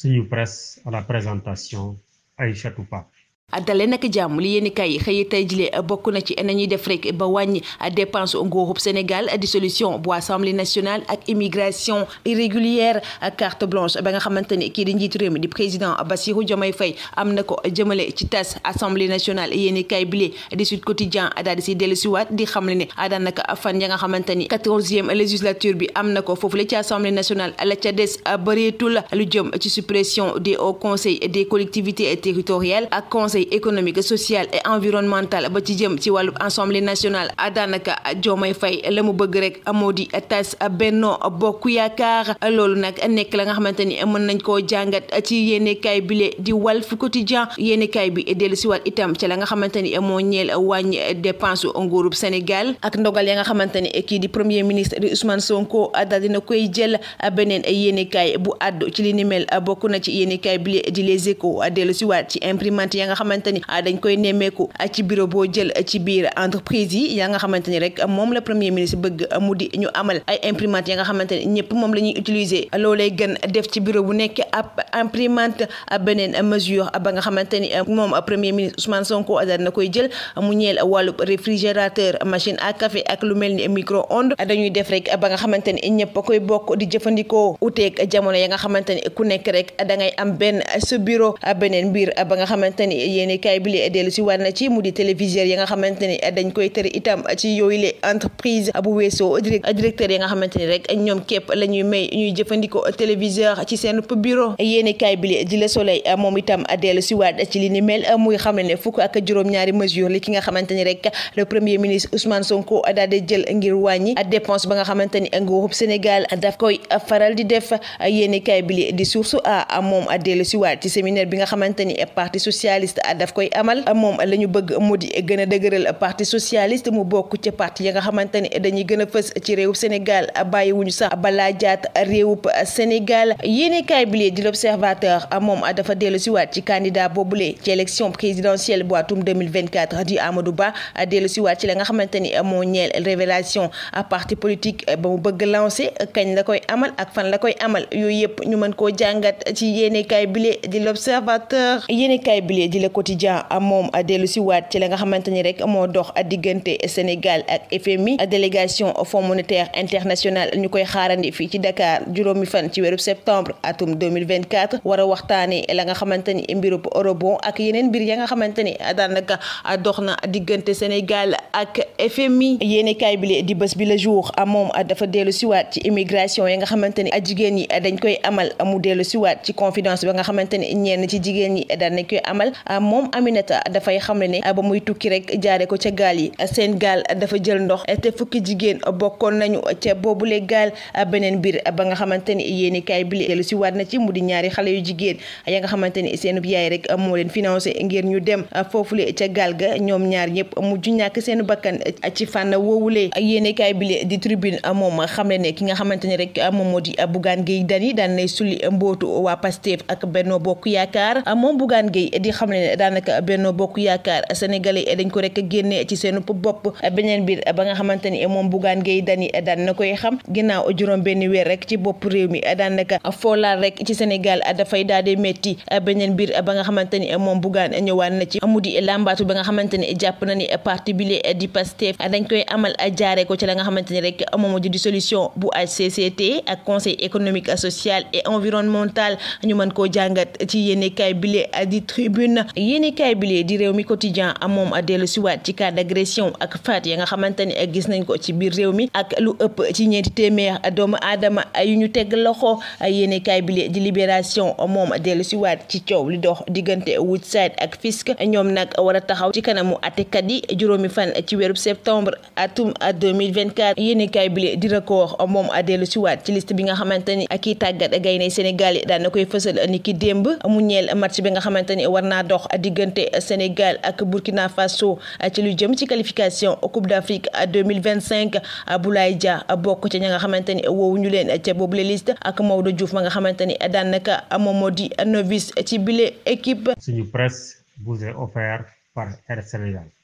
suñu presse à la présentation Aïchatou Pape dale nag jàmm li yéeni kay xëyi tay jile bokk na ci nañuy def rek ba wàññi dépense nguurub Sénégal solution bu assemblée nationale ak immigration irrégulière carte blanche ba nga xamante ni kii di njiitu réew mi di président Bassirou Diomaye Faye am na ko jëmale ci tas assemblée nationale yéeni kay bile di Sud Quotidien daal di si dellu siwaat di xam ne ne daanaka fan ya nga xamante ni quatorzième législature bi am na ko foofu la ci assemblée nationale la ca des bëreetul lu jëm ci suppression des hauts conseils des collectivités territoriales ak conseil conseil économique social et environnemental ba ci jëm ci wàllu assemblée nationale daanaka Diomaye Faye la mu bëgg rek moo di tas Benno Bokk Yaakaar loolu nag nekk la nga xamante ni mën nañ koo jàngat ci yéenekaay bi le di Walf Quotidien yéenekaay bi dellu siwaat itam ci la nga xamante ni moo ñeel wàññi dépense nguurub Sénégal ak ndogal ya nga xamante ni kii di premier ministre di Ousmane Sonko daal dina koy jël beneen yéenekaay bu àddu ci li ni mel xamante ni ah, dañ koy nemmeeku ah, ci bureau boo jël ah, ci biir entreprise yi yaa nga xamante ni rek moom la premier ministre bëgg mu di ay imprimante ya nga xamante ni ñëpp moom la ñuy utiliser loolee gën def ci bureau bu nekk ab imprimante beneen mesure ba nga xamante ni moom premier ministre Ousmane Sonko daan na koy jël mu ñeel wàllu réfrigérateur machine à café ak lu mel ni micro onde dañuy def rek ba nga xamante ni ñëpp a koy bokk di jëfandikoo uteeg jamono ya nga xamante ni ku nekk rek da ngay am benn sa bureau beneen biir ba nga xamante yéene kaay bi li dellu si war na ci mu di téléviseur yi nga xamante ni dañ koy tëri itam ci yooyu les entreprise bu weesoo directeur yi nga xamante ni rek ñoom képp la ñuy may ñuy jëfandikoo téléviseur ci seen bureau yéene kaay bi li di le soleil moom itam a dellu si waat ci li ni mel muy xam ne ne fukk ak juróom-ñaari mesure li ki nga xamante ni rek le premier ministre Ousmane Sonko daal di jël ngir wàññi dépense ba nga xamante ni nguurub Sénégal daf koy faral di def yéene kaay bi di source a moom dellu si waat ci séminaire bi nga xamante ni parti socialiste daf koy amal moom la ñu bëgg mu di gën a dëgëral parti socialiste mu bokk ci parti ya nga xamante ne dañuy gën a fës ci réewub Sénégal bàyyiwuñu sax balaa jaat réewub Sénégal yéene kaay bi di l'observateur moom dafa dellu siwaat ci candidat boobule ci élection présidentielle bu atum 2024 di Amadou Ba dellu siwaat ci la nga xamante ni moo ñeel révélation parti politique ba mu bëgg lancé la koy amal ak fan la koy amal yooyu yëpp ñu mën le quotidien moom dellu si waat ci la nga xamante ni rek moo dox diggante Sénégal ak FMI délégation Fonds monétaire international ñu koy xaarandi fii ci Dakar juróomi fan ci weeru septembre atum 2024 war a waxtaane la nga xamante ni mbirub eurobond ak yeneen mbir ya nga xamante ni daanaka dox na diggante Sénégal ak FMI yéene kaay bile di bés bi le jour moom dafa dellu siwaat ci immigration ya nga xamante ni jigéen ñi dañ koy amal mu dellu si waat ci confidence ba nga xamante ni ci jigéen ñi dañ koy amal moom Aminata dafay xam ne ba muy tukki rek jaare ko ca gaal yi seen gaal dafa jël ndox te fukki jigéen bokkoon nañu ca boobule gaal beneen biir ba nga xamante ni yéeni bi lu si na ci mu di ñaari xale yu jigéen ya nga xamante ni seen yaay rek moo leen financé ngir ñu dem foofule ca gaal ga ñoom ñaar ñëpp mujj ñàkk seen bakkan ci fànn woowulee yéeni kaay bi di tribune moom a xam ne ki nga xamante ni rek moom moo di Bougane Gueye Dany daan nay sulli mbootu waa Pastef ak Benno Bokk Yaakaar moom Bougane Gueye di xam ne ne daanaka Benno Bokk Yaakaar sénégalais dañ ko rek génne ci seen bopp beneen biir ba nga xamante ni moom Bougane Gueye Dany daan na koy xam ginnaaw juróom benn weer rek ci bopp réew mi daanaka foolaal rek ci Sénégal dafay daal di métti beneen biir ba nga xamante ni moom Bougane ñëwaan na ci mu di làmbaatu ba nga xamante ni jàpp na ni parti bi di Pastef dañ koy amal jaaree ko ci la nga xamante ni rek moom di dissolution bu HCCT ak conseil économique social et environnemental ñu mën koo jàngat ci yéene kaay a di tribune yéenekaay bi di réew mi quotidien amoom dellu siwaat ci cas d'agression ak faat ya nga xamante ni gis nañ ko ci biir réew mi ak lu ëpp ci ñeenti téeméer doomu aadama yu ñu teg loxo yéenekaay bi di libération moom a dellu siwaat ci coow li dox diggante Woodside ak Fisk ñoom nag war a taxaw ci kanamu àttekat yi juróomi fan ci weerub septembre atum 2024 yéenekaay bi di record moom dellu siwaat ci liste bi nga xamante ni ak i tàggat gaynde Sénégal yi daan na koy fësal ni ki démb mu ñeel bi nga xamante ni war naa dox diggante Sénégal ak Burkina Faso ci lu jëm ci qualification Coupe d'Afrique 2025 Boulaye Dia bokk ci ña nga xamante ni woowu ñu leen ca boobule liste ak Maodo Diouf ma nga xamante ni daanaka moom moo di novice ci bile équipe. suñu presse vous est offert par Air Sénégal.